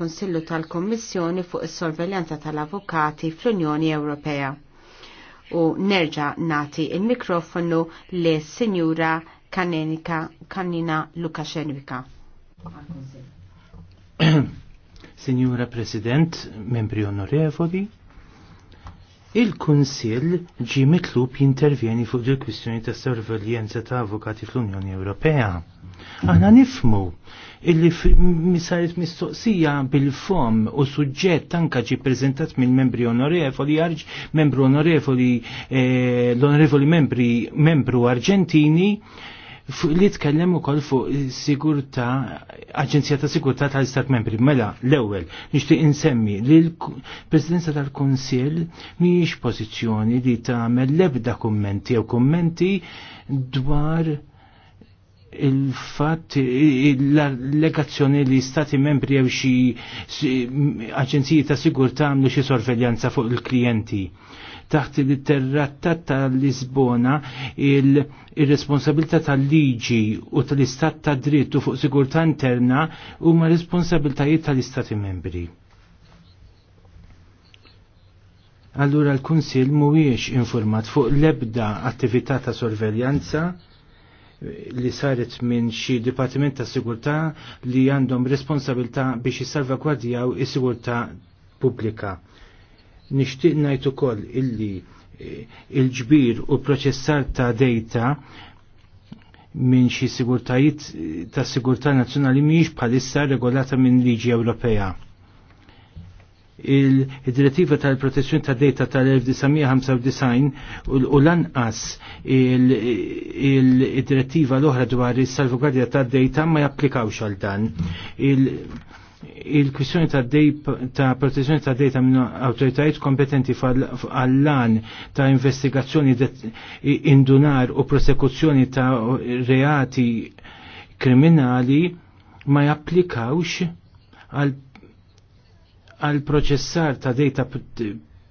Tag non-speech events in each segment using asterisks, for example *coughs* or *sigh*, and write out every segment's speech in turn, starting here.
Konsillu tal-Kommissjoni fuq is-sorveljanza tal-Avukati fl-Unjoni Ewropea. U nerġa' nati il-mikrofonu li Sinjura Kanenika Kanina Lukashenvika. Sinjura President, membri onorevoli, Il-Kunsill ġi mitlub jintervjeni fuq il kwistjoni ta' sorveljenza ta' avukati fl-Unjoni Ewropea. Aħna nifmu illi misaret mistoqsija bil-fom u suġġett anka ġi prezentat minn membri onorevoli arġ, membru onorevoli, eh, l-onorevoli membri, membru arġentini, fuq li tkellem ukoll fuq is-Sigurtà Aġenzija ta' Sigurtà tal-Istat Membri. Mela, l-ewwel nixtieq insemmi li l-Presidenza tal-Kunsill mhijiex pożizzjoni li tagħmel l-ebda kummenti jew kummenti dwar il-fatt l-legazzjoni li stati membri jew xi aġenziji ta' sigurtà għamlu xi sorveljanza fuq il-klijenti taħt il-terrattat tal-Lisbona il responsabilta tal-liġi u tal-istat ta' u fuq sigurtà interna huma responsabiltajiet tal-istati membri. Allura l-Kunsil mhuwiex informat fuq l-ebda attività ta' sorveljanza li saret minn xi Dipartiment ta' Sigurtà li għandhom responsabilità biex jissalvagwardjaw is-sigurtà pubblika. Nixtieq ngħid ukoll illi eh, il-ġbir u proċessar ta' dejta minn xi sigurtajiet eh, ta' sigurtà nazzjonali mhijiex bħalissa regolata minn liġi Ewropea. Il-direttiva tal-protezzjoni ta' data tal-1995 u lanqas il-direttiva l-oħra dwar is-salvgwardja ta' dejta ma japplikawx għal dan. Il il-kwissjoni ta' dej ta' protezzjoni ta' dejta minn autoritajiet kompetenti għall-lan ta' investigazzjoni indunar u prosekuzzjoni ta' reati kriminali ma japplikawx għal proċessar ta' dejta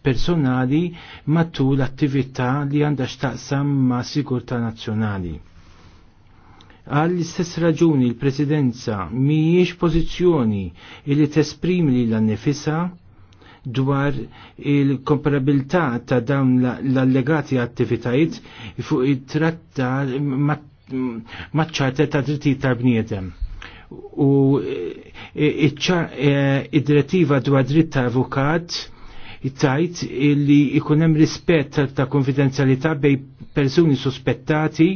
personali matul attività li għandha xtaqsam ma' sigurtà nazzjonali. Għall istess raġuni l-presidenza mhijiex pożizzjoni li tesprimi li l-annifisa dwar il-komparabilità ta' dawn l-allegati attivitajiet fuq it tratta maċ ta' drittijiet ta' bniedem u e, id-direttiva dwar dritt ta' avukat tajt li ikunem rispett ta' konfidenzjalità bej persuni sospettati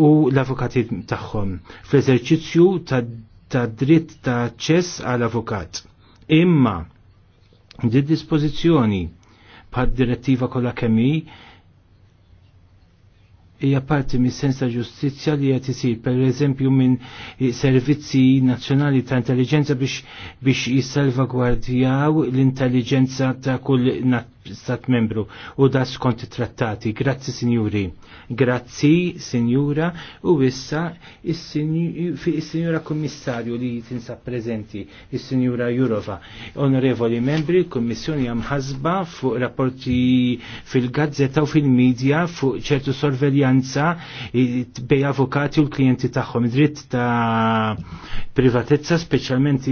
u l-avukati tagħhom fl-eżerċizzju ta', ta dritt ta' ċess għal avukat. Imma di dispożizzjoni pa' direttiva kollha kemm hija parti mis sens ta' ġustizzja li qed isir pereżempju minn servizzi nazzjonali ta' intelligenza biex biex jissalvagwardjaw l-intelligenza ta' kull stat membru u da skont trattati. Grazzi sinjuri. Grazzi sinjura u issa is-sinjura kommissarju li tinsa prezenti, il sinjura Jurova. Onorevoli membri, kommissjoni jamħazba fuq rapporti fil-gazzetta u fil-medja fuq ċertu sorveljanza bej avukati u l-klienti tagħhom dritt ta' privatezza, speċjalment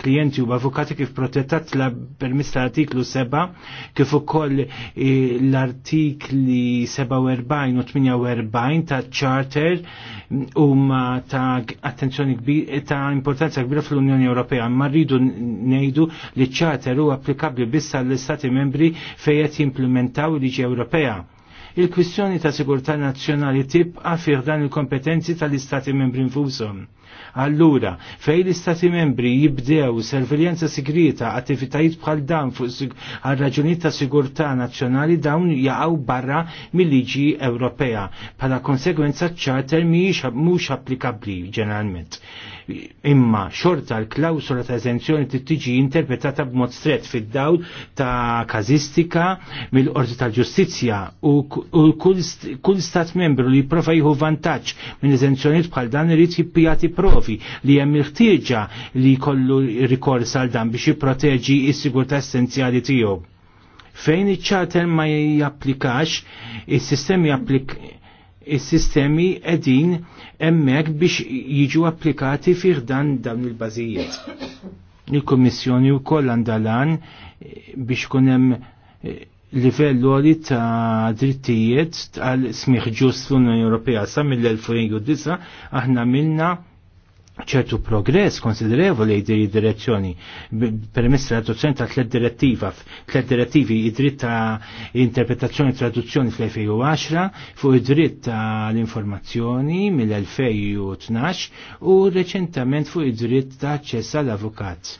klienti u avukati kif protettat la permessa l-artiklu 7 kif ukoll eh, l-artikli 47 u 48 ta' charter mm, huma ta' attenzjoni kbir eh, ta' importanza kbira fl-Unjoni Ewropea. Ma rridu ngħidu li charter huwa applikabbli biss għall-Istati membri fejn jimplementaw il-liġi Ewropea il-kwistjoni ta' sigurtà nazzjonali tibqa' fih dan il-kompetenzi tal-istati membri infushom. Allura, fej l-istati membri jibdew serviljenza segreta attivitajiet bħal dan fuq għal-raġunijiet ta' sigurtà nazzjonali dawn jaqgħu barra mill-liġi Ewropea. Bħala konsegwenza ċarter mhijiex mhux applikabbli ġeneralment. Imma xorta l-klawsola ta' eżenzjoni tiġi interpretata b'mod stret fid-dawl ta' kazistika mill-Qorti tal-Ġustizzja u kull stat membru li jipprova jieħu vantaġġ minn eżenzjonijiet bħal dan irid jippjati jipprovi li hemm il li kollu rikors għal dan biex jipproteġi s-sigurtà essenzjali tiegħu. Fejn iċ-charter ma japplikax, is-sistemi applik is-sistemi qegħdin hemmhekk biex jiġu applikati fih dan dawn il-bażijiet. Il-Kummissjoni wkoll għandalan biex kunem eh, livell għoli ta' drittijiet tal smieħ ġust l-Unjoni Ewropea sa' mill-2009 aħna milna ċertu progress konsiderevoli di direzzjoni permess traduzzjoni ta' tlet direttiva tlet direttivi id-dritt ta' interpretazzjoni e traduzzjoni fl-2010 fuq id-dritt ta' l-informazzjoni mill-2012 u reċentament fuq id-dritt ta' aċċess għall-avukat.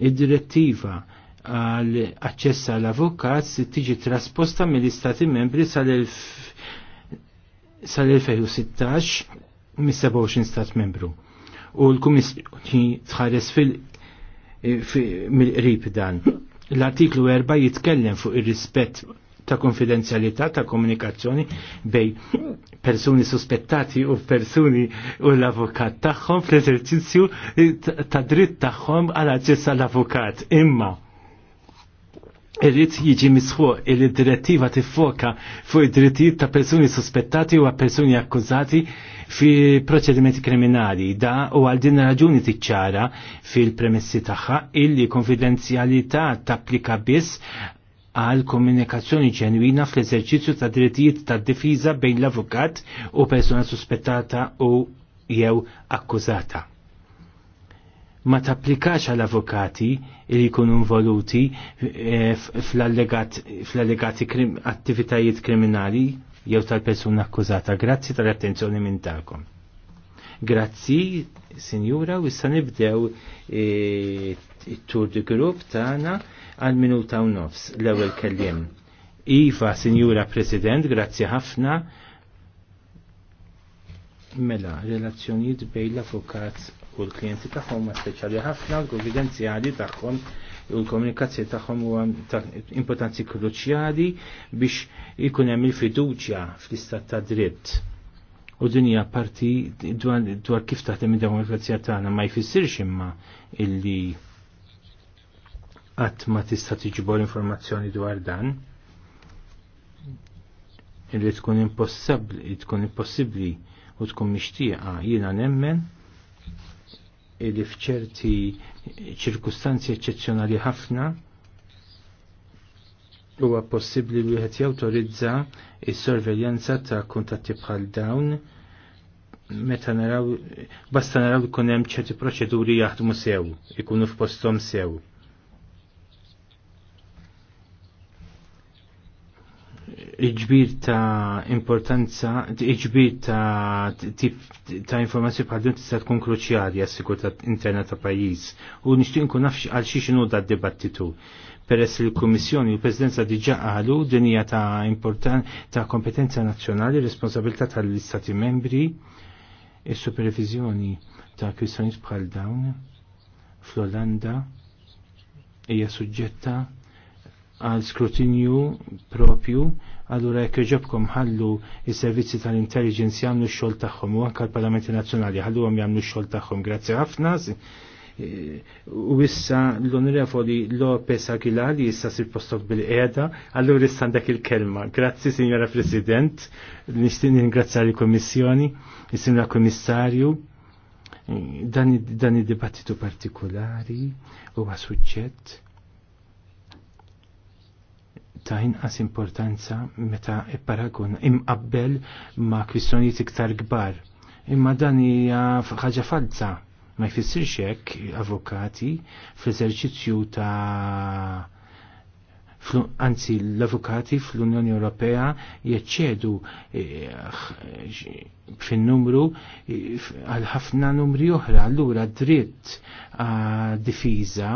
Id-direttiva għal aċċess għall-avukat tiġi trasposta mill-Istati membri sal-2016 mis-27 stat membru. U l-Kummissjoni tħares fil eh, qrib dan. L-artiklu 4 jitkellem fuq ir-rispett ta' konfidenzjalità ta' komunikazzjoni bej persuni sospettati u persuni u l-avukat tagħhom fl-eżerċizzju ta' dritt tagħhom għal aċċess għall-avukat. Imma irrid jiġi misħu il direttiva tiffoka fuq id-drittijiet ta' persuni sospettati u persuni akkużati fi proċedimenti kriminali. Da u għal din raġuni tiċċara fil-premessi tagħha illi konfidenzjalità tapplika biss għal komunikazzjoni ġenwina fl-eżerċizzju ta' drittijiet ta' difiża bejn l-avukat u persuna suspettata u jew akkużata ma tapplikax għal avukati li jkunu involuti eh, fl-allegati attivitajiet kriminali jew tal-persuna akkużata. Grazzi tal-attenzjoni minn tagħkom. Grazzi, sinjura, u issa nibdew eh, it-tur di grupp tagħna għal minuta u nofs l-ewwel kelliem. Iva, sinjura President, grazzi ħafna. Mela, relazzjonijiet bejn l-avukat u l-klienti tagħhom ma speċjali ħafna l-konfidenzjali tagħhom u l-komunikazzjoni tagħhom huwa ta' importanzi kruċjali biex ikun hemm il-fiduċja fl-istat ta' dritt. U dinja parti dwar kif taħdem id-demokrazija tagħna ma jfissirx imma illi għat ma tista' tiġbor informazzjoni dwar dan. Irrid tkun impossibbli, tkun impossibbli u tkun mixtieqa jiena nemmen li fċerti ċirkustanzi eccezzjonali ħafna huwa possibbli li wieħed jawtorizza s-sorveljanza ta' kuntatti bħal dawn meta naraw basta naraw ikun hemm ċerti proċeduri jaħdmu sew, ikunu f'posthom sew. iġbir ta' importanza, iġbir ta' tip ta' informazzjoni bħal din tista' tkun kruċjali għas-sigurtà interna ta' pajjiż. U nixtieq nkun nafx għal xi xinu da' dibattitu. Peress li l-Kummissjoni u l-Presidenza diġà qalu din hija ta' important ta' kompetenza nazzjonali, responsabilità tal-Istati membri, e supervisjoni ta' kwistjonijiet bħal dawn fl-Olanda hija suġġetta għal skrutinju propju Allura jekk iġobkom ħallu is-servizzi tal-intelligence jagħmlu x-xogħol tagħhom u anke l-Parlamenti Nazzjonali ħalluhom jagħmlu x-xogħol tagħhom. Grazzi ħafna. Eh, u issa l-Onorevoli Lopez Aguilar li issa sir postok bil-qiegħda, allura issa għandek il-kelma. Grazzi Sinjora President, nixtieq ningrazzja l-Kummissjoni, is-Sinjora Kummissarju eh, dan id-dibattitu partikolari huwa suġġett ta' inqas importanza meta paragun imqabbel ma' kwistjonijiet iktar kbar. Imma dan hija ħaġa falza, ma jfissirx hekk avukati fl-eżerċizzju ta' anzi l-avukati fl-Unjoni Ewropea jeċċedu eh, eh, fin-numru eh, għal ħafna numri oħra. Allura dritt difiża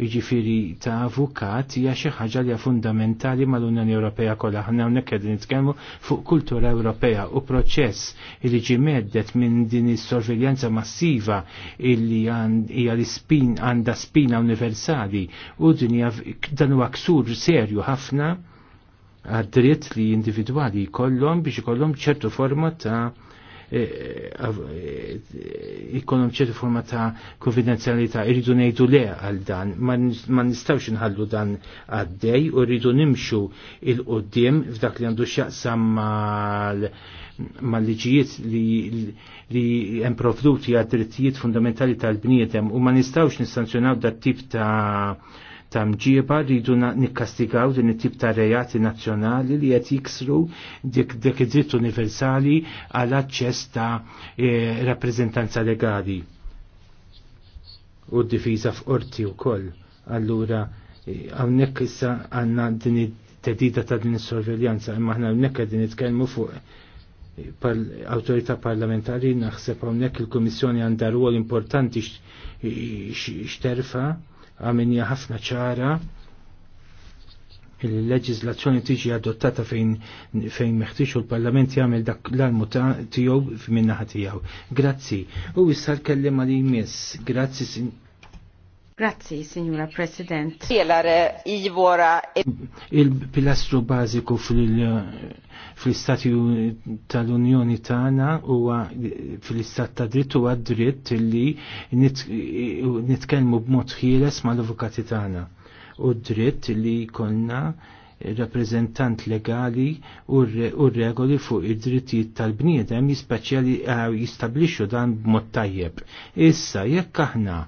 jiġifieri ta' avukat hija xi ħaġa li fundamentali mal-Unjoni Ewropea kollha. Aħna hawnhekk qegħdin nitkellmu fuq kultura Ewropea u proċess li ġi meddet minn din is-sorveljanza massiva illi hija l-ispin għandha spina universali u din dan huwa ksur serju ħafna għad-dritt li individwali jkollhom biex ikollhom ċertu forma ta' e, e, e, ikollhom ċertu forma ta' konfidenzjalità irridu ngħidu le għal dan, ma nistgħux inħallu dan għaddej u rridu nimxu il-qudiem f'dak li għandu x'jaqsam mal-liġijiet li hemm provduti għad drittijiet fundamentali tal-bniedem u ma nistgħux nissanzjonaw dat tip ta' ta' mġieba rridu nikkastigaw din it-tip ta' rejati nazzjonali li qed jiksru dik dik id-dritt universali għal aċċess ta' e, rappreżentanza legali u d-difiża f'qorti wkoll. Allura e, hawnhekk issa għandna din it-tedida ta' din is-sorveljanza imma aħna hawnhekk qegħdin nitkellmu fuq e, Par autorità parlamentari naħseb hawnhekk il-Kummissjoni għandha rwol importanti xterfa għamenja ħafna ċara il-leġizlazzjoni tiġi adottata fejn fejn meħtieġ u l-Parlament jagħmel dak l-almu tiegħu minnaħa tiegħu. Grazzi. U issa l-kellima li jmiss. Grazzi Grazzi, Signora President. E- Il-pilastru bażiku fl-Istati tal-Unjoni tagħna huwa fl-Istat ta' dritt huwa dritt li nitkellmu b'mod ħieles mal-avukati tagħna u dritt li jkollna rappresentant legali u regoli fuq id-drittijiet tal-bniedem jispeċjali jistablixxu dan b'mod tajjeb. Issa jekk aħna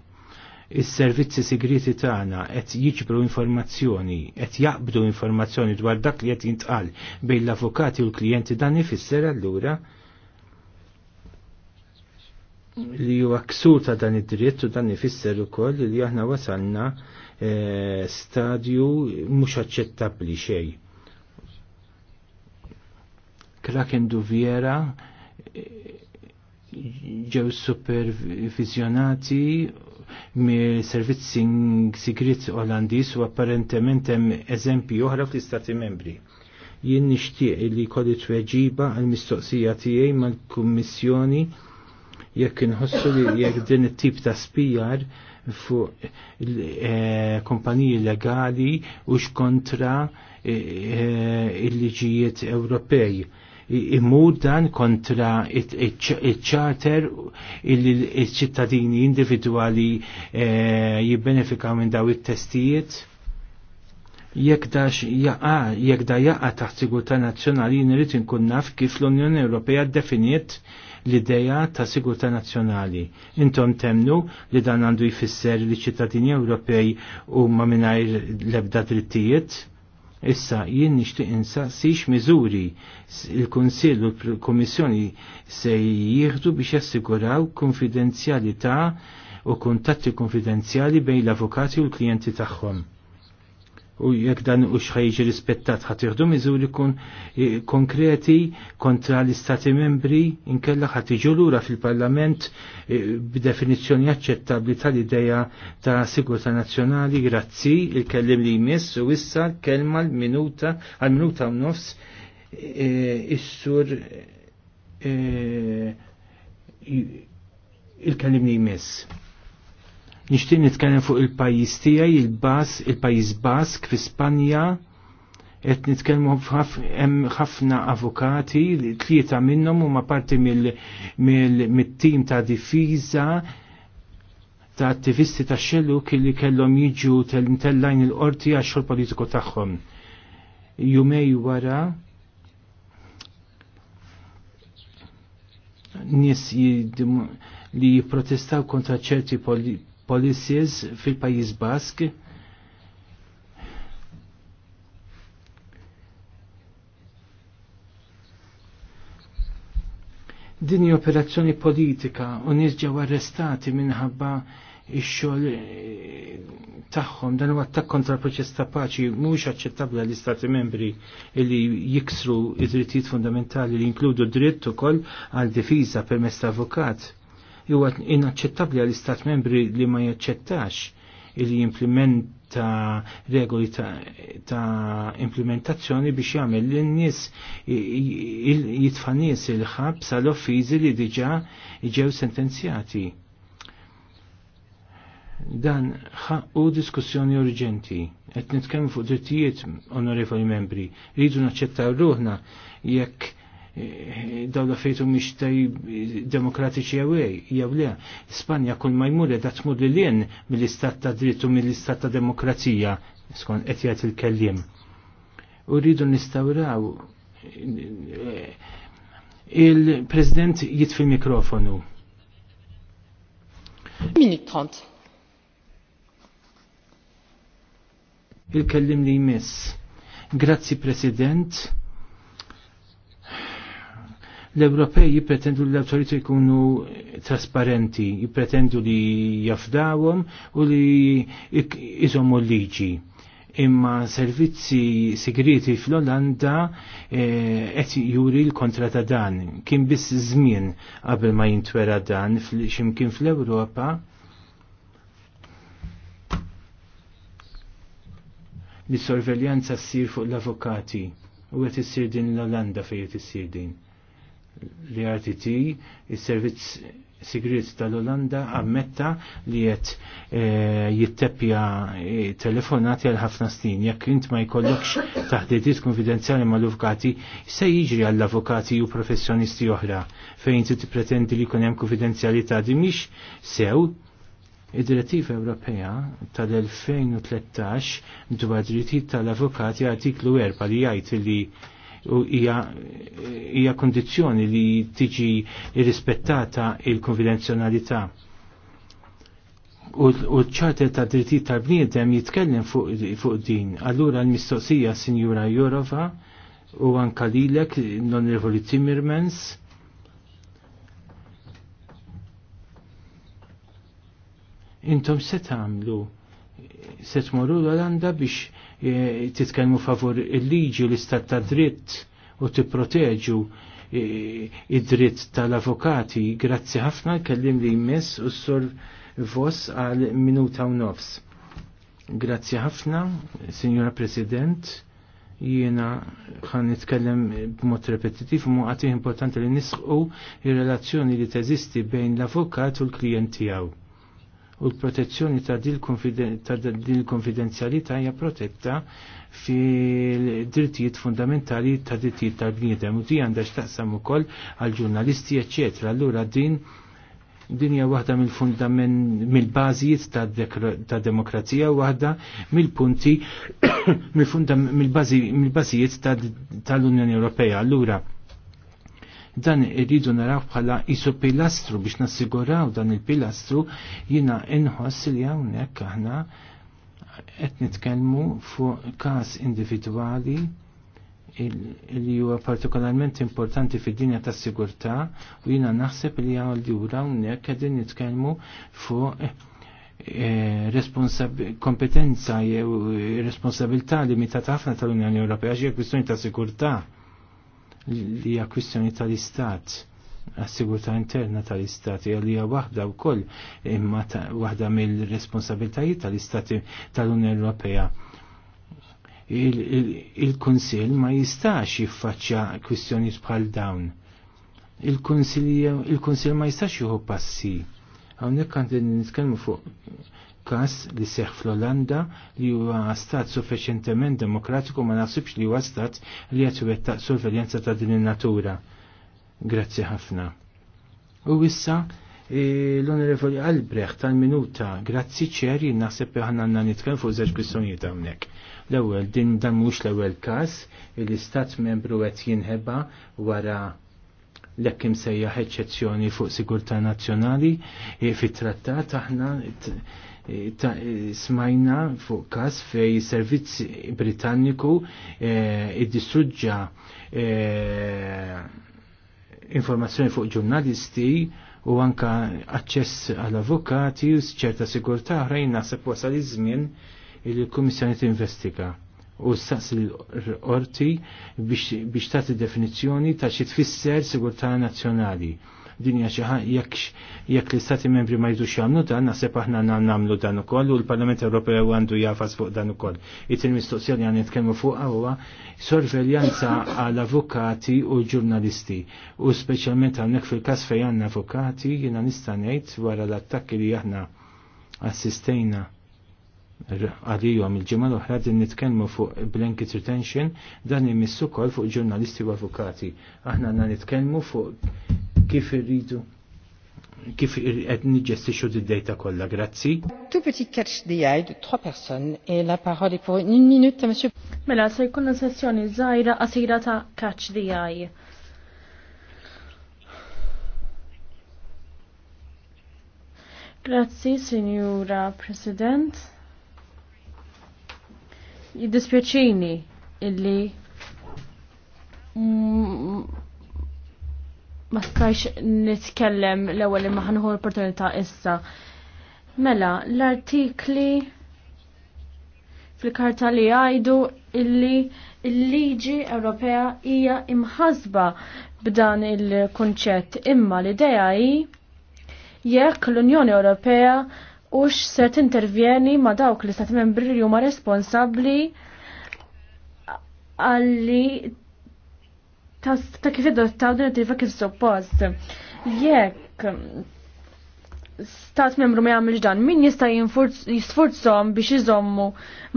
is-servizzi segreti tagħna qed jiġbru informazzjoni, qed jaqbdu informazzjoni dwar dak li qed jintqal bejn l-avukati u l-klijenti dan ifisser allura li huwa ksur ta' dan id-dritt u dan ifisser ukoll li aħna wasalna eh, stadju mhux aċċettabbli xejn. Kraken Duviera eh, ġew supervizjonati servizzi sigrit Olandis u apparentement hemm eżempji oħra fl-Istati Membri. Jien nixtieq li kolli tweġiba għal mistoqsija tiegħi mal-Kummissjoni jekk inħossu li jekk din it-tip ta' spijar fuq eh, kompaniji legali u kontra eh, eh, il-liġijiet Ewropej Imud dan kontra il-charter il-ċittadini individuali eh, jibbenefikaw minn daw it-testijiet? jekk da jaqa, jekk jaqa taħt sigurtà nazzjonali nrid inkun naf kif l-Unjoni Ewropea definiet l-ideja ta' sigurtà nazzjonali. Intom temnu li dan għandu jfisser li ċittadini Ewropej huma mingħajr l-ebda drittijiet? Issa jien nixtieq insaqsix miżuri il-Kunsill u l-Kummissjoni se jieħdu biex jassiguraw konfidenzjalità u kuntatti konfidenzjali bejn l-avukati u l-klijenti tagħhom u jekk dan u xħajġi rispettat ħatiħdu miżuri kun konkreti kontra l-istati membri inkella ħatiġu lura fil-parlament b'definizzjoni aċċettabli tal-ideja ta' sigurta nazzjonali grazzi il-kellim li jmiss u issa kelma l-minuta għal-minuta u nofs is-sur il-kellim li jmiss. Nixtieq nitkellem fuq il-pajjiż tiegħi, il-Bas, il-pajjiż Bask fi Spanja, qed nitkellmu hemm ħafna avukati, tlieta minnhom huma parti mit-tim ta' difiża ta' attivisti ta' xellu li kellhom jiġu tellajn il-qorti għax-xogħol politiku tagħhom. Jumej wara nies li jipprotestaw kontra ċerti policies fil-Pajjiż Bask Dini operazzjoni politika u nies ġew arrestati minħabba ix-xogħol eh, tagħhom dan huwa attakk kontra proċess ta' paċi mhux aċċettabbli għall istati membri li jiksru id-drittijiet fundamentali li jinkludu dritt ukoll għal difiża permezz ta' avukat huwa inaċċettabbli għall istat membri li ma jaċċettax li jimplementa regoli ta', ta implementazzjoni biex jagħmel li nies jitfa' nies il-ħabs għal offiżi li diġà ġew sentenzjati. Dan ħaqqu diskussjoni urġenti qed nitkellmu fuq drittijiet onorevoli membri, rridu naċċettaw ruħna jekk dawla fejtu miex taj demokratiċi jawej, jew le, Spanja kull ma jmur da tmur li l-jen mill-istat ta' drittu mill-istat ta' demokrazija, skon etjat il-kellim. U rridu nistawraw il-president jitfi mikrofonu. Minut 30. Il-kellim li jmiss. Grazzi President L-Ewropej jipretendu li l-autoriti jkunu trasparenti, jipretendu li jafdawhom u li iżommu liġi. Imma servizzi segreti fl-Olanda eh, qed juri l-kontra ta' dan. Kien biss żmien qabel ma jintwera dan x'imkien fl-Ewropa li sorveljanza ssir fuq l-avukati u għet issir din l-Olanda fej għet din l-RTT, il-Servizz Sigrit tal-Olanda, ammetta li jett eh, jitteppja eh, telefonati għal ħafna snin. Jekk int ma jkollokx taħdidiet konfidenzjali ma l-avukati, se jiġri għall avukati u professjonisti oħra fejn ti pretendi li konem konfidenzjalità di miex sew Id-Direttiva Ewropea tal-2013 dwar drittijiet tal-avukati artiklu 4 li jgħid li u hija kondizzjoni li tiġi rispettata il-konfidenzjonalità. U ċ-ċarter ta' drittijiet tal-bniedem jitkellem fuq din. Allura l-mistoqsija Sinjura Jorova u anka lilek non-revoli Timmermans. Intom se tagħmlu se tmorru l-Olanda biex E, titkellmu favur il-liġi l-istat ta' dritt u tipproteġu e, id-dritt tal-avokati. Grazzi ħafna kellim li jmiss u s-sur vos għal minuta u nofs. Grazzi ħafna, Signora President, jiena ħan nitkellem b'mod repetitiv mu għati importanti li nisħu il-relazzjoni li teżisti bejn l-avokat u l-klient tiegħu u l-protezzjoni ta' din il-konfidenzjalità hija protetta fil-drittijiet fundamentali ta' drittijiet tal-bniedem u di għandha x'taqsam ukoll għal ġurnalisti eċċetra. Allura din din hija waħda mill-fundament mill-bażijiet ta' demokrazija waħda mill-punti *coughs* mill-bażijiet tal-Unjoni Ewropea. Allura Dan irridu naraw bħala isu pilastru biex nassiguraw dan il-pilastru jina inħoss li hawnhekk aħna qed nitkellmu fuq każ individwali li huwa partikolarment importanti fid-dinja tas sigurtà u jiena naħseb li li ura hawnhekk qegħdin nitkellmu fuq eh, kompetenza jew responsabilità limitata ħafna tal-Unjoni Ewropea xi kwistjoni ta' sigurtà li hija kwistjoni tal-istat għas-sigurtà interna tal hija li hija waħda wkoll imma waħda mill responsabbiltajiet tal-istati tal-Unjoni Ewropea. Il-Kunsill il il ma jistax jiffaċċja kwistjonijiet bħal dawn. Il-Kunsill il ma jistax juhu passi. Hawnhekk għandi nitkellmu fuq kas li seħ fl-Olanda li huwa stat suffiċjentement demokratiku ma naħsibx li huwa stat li qed iwettaq sorveljanza ta' din in-natura. Grazzi ħafna. U issa e, l-Onorevoli Albrecht tal-minuta, grazzi ċeri, naħseb naħseb ħanna għandna nitkellem fuq żewġ kwistjonijiet hawnhekk. L-ewwel din dan mhux l-ewwel każ li stat membru qed jinħeba wara l-ekk eċċezzjoni fuq sigurtà nazzjonali e, fit-trattat aħna Eh, ta' eh, smajna fuq kas fej servizz Britanniku eh, id-distruġġa informazzjoni fuq ġurnalisti u anka aċċess għal avukati u ċerta sigurtà oħrajn naħseb wasal iż-żmien il-Kummissjoni tinvestiga u s-saqs l-orti biex tagħti definizzjoni ta' xi tfisser sigurtà nazzjonali dinja xi jekk jekk l-istati membri ma jridux jagħmlu dan naħseb aħna nagħmlu dan ukoll u l-Parlament Ewropew għandu jafas fuq dan ukoll. It-tieni mistoqsija li nitkellmu fuq huwa sorveljanza għal avukati u ġurnalisti u speċjalment hawnhekk fil-każ fejn għandna avukati jiena nista' ngħid wara l-attakki li aħna assistejna għalijom il-ġimma l-oħra din nitkellmu fuq blanket retention dan imissu kol fuq ġurnalisti u avukati. Aħna għanna nitkellmu fuq kif irridu kif qed niġġestixxu d-dejta kollha, grazzi. Tu petit catch the eye de trois personnes et la parole est pour une minute monsieur. Mela se jkollna sessjoni żgħira qasira ta' catch the eye. Grazzi, Signora President. Jiddispjaċini illi ma stajx nitkellem l-ewwel imma ħanħu l-opportunità issa. Mela, l-artikli fil-karta li għajdu illi l liġi Ewropea hija imħasba b'dan il-kunċett imma l-idea hi jekk l-Unjoni Ewropea ux se tintervjeni ma dawk l-istat membri li huma responsabbli għalli ta' kif adottaw direttiva kif suppost. Jekk stat membru ma jagħmilx dan, min jista' jisforzhom biex iżommu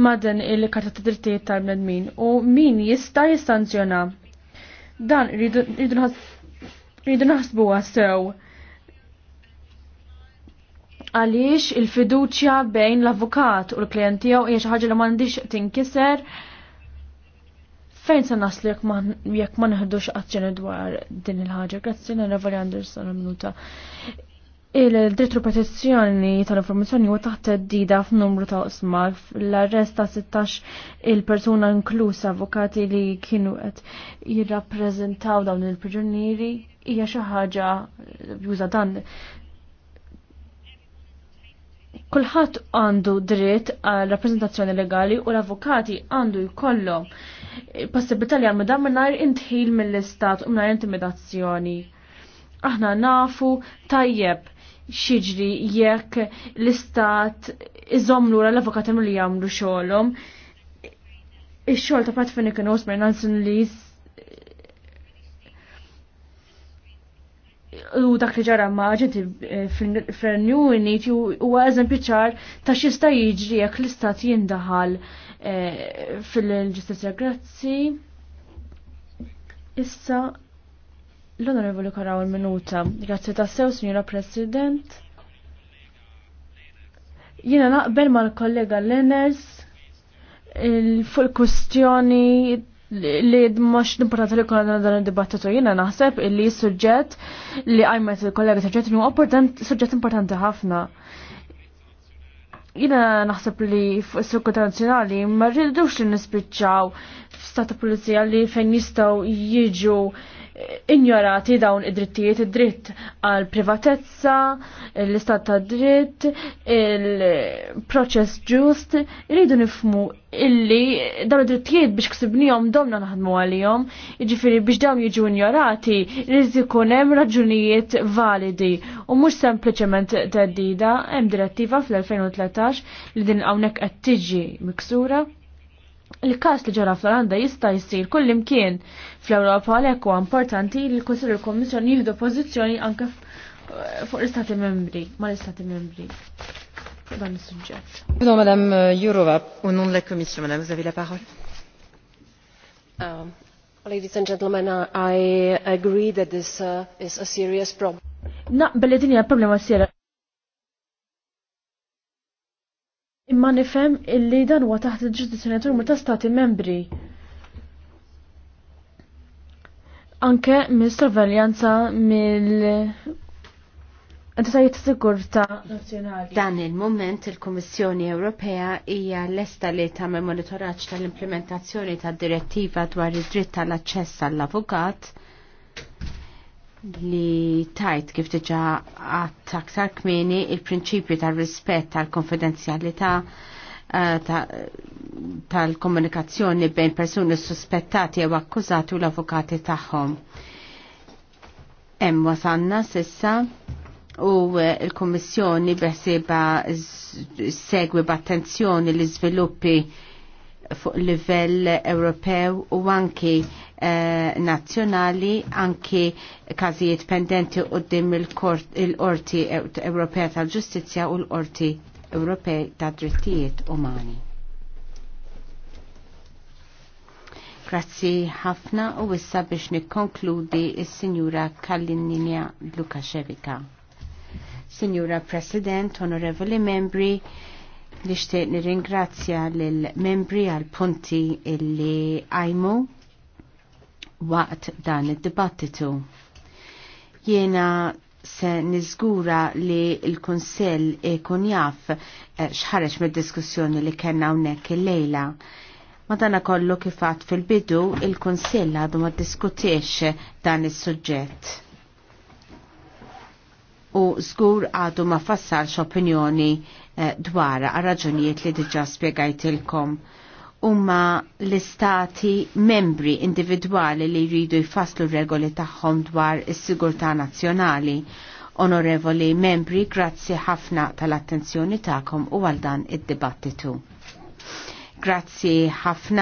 ma' din il-karta ta' drittijiet tal-bnedmin u min jista' jistanzjona. Dan rridu naħsbuha sew għaliex il-fiduċja bejn l-avukat u l tiegħu hija xi ħaġa li m'għandix tinkiser Fejn se naslu jekk ma neħdux azzjoni dwar din il-ħaġa? Grazzi l-Revali Anderson minuta. Il-dritt protezzjoni tal-informazzjoni u taħt d-dida f'numru ta' osma l-arrest ta' 16 il-persuna inklus avokati li kienu qed jirrappreżentaw dawn il-priġunieri hija xi ħaġa juża dan kulħadd għandu dritt għal rappreżentazzjoni legali u l-avukati għandu jkollhom possibilità li għamlu dan mingħajr intħil mill-istat u mingħajr intimidazzjoni. Aħna nafu tajjeb xieġri jekk l-istat iżomm lura l avokat li jagħmlu xogħolhom. Ix-xogħol ta' Pat Finnegan Osmer Nansin Lees u dak li ġara maġenti eh, fil-New Unit u għazem ċar ta' xista jiġri jekk l-istat jindahal. Eh, fil-ġustizja grazzi. Issa l-onorevoli karaw il-minuta. Grazzi ta' sew, signora President. Jina naqbel ma' l-kollega Lenners fuq il-kustjoni li mux importanti li konna dan il-dibattitu jina naħseb illi suġġett li għajmet il-kollega suġġett li suġġett importanti ħafna jina naħseb li fuq is suq internazzjonali ma rridux li nispiċċaw f'stat pulizija li fejn jistgħu jiġu injorati dawn id-drittijiet, id-dritt għal privatezza, l-istat ta' dritt, il-proċess ġust, irridu nifmu illi dawn id-drittijiet biex ksibnijom domna naħdmu għalihom, jiġifieri biex dawn jiġu injorati, rizikun hemm raġunijiet validi u mhux sempliċement teddida, hemm direttiva fl-2013 li din hawnhekk qed tiġi miksura Il-kas li ġara fl-Olanda jista' jisir kull imkien fl europa għalhekk huwa importanti li l-Kunsill u l-Kommissjoni jihdu pozizjoni anke fuq l-Istati Membri, ma l istati Membri. Dan is-suġġett. No, madam Jurova, u non la Commission, Madame, vous la parol. Um, ladies and gentlemen, I agree that this uh, is a serious problem. Na, belli din hija problema sera. imma nifhem illi dan huwa taħt il-ġurisdizzjoni ta' stati membri. Anke mis-sorveljanza mill Għadżajiet sigurta nazjonali. Dan il-moment il-Kommissjoni Ewropea hija l-esta li tagħmel monitoraġġ tal-implementazzjoni tad-direttiva dwar id-dritt tal-aċċess għall-avukat li tajt kif tiġa għat aktar kmini il-prinċipju tal-rispett tal-konfidenzjalità eh, tal-komunikazzjoni bejn persuni suspettati jew akkużati u l-avukati tagħhom. Hemm wasanna sissa u eh, l-Kummissjoni beħsieba segwi b'attenzjoni l-iżviluppi fuq livell Ewropew u anki Eh, nazzjonali anki każijiet pendenti qudiem il-Qorti Ewropea tal-Ġustizzja u l-Qorti Ewropej tad-Drittijiet Umani. Grazzi ħafna u issa biex nikkonkludi il sinjura Kallininja Lukashevika. Signora President, Onorevoli Membri, nixtieq nirringrazzja lill membri għal punti illi għajmu waqt dan id-dibattitu. Jiena se nizgura li l-Konsell ikun jaf eh, xħarex mid-diskussjoni li kellna hawnhekk il-lejla. Madana kollu kifat fil-bidu il-Konsell għadu ma diskutiex dan is-suġġett. U żgur għadu ma fassarx opinjoni eh, dwar għal raġunijiet li diġà spjegajtilkom huma l-istati membri individwali li jridu jfasslu regoli tagħhom dwar is-sigurtà nazzjonali. Onorevoli membri, grazzi ħafna tal-attenzjoni tagħkom u għal dan id-dibattitu. Grazzi ħafna.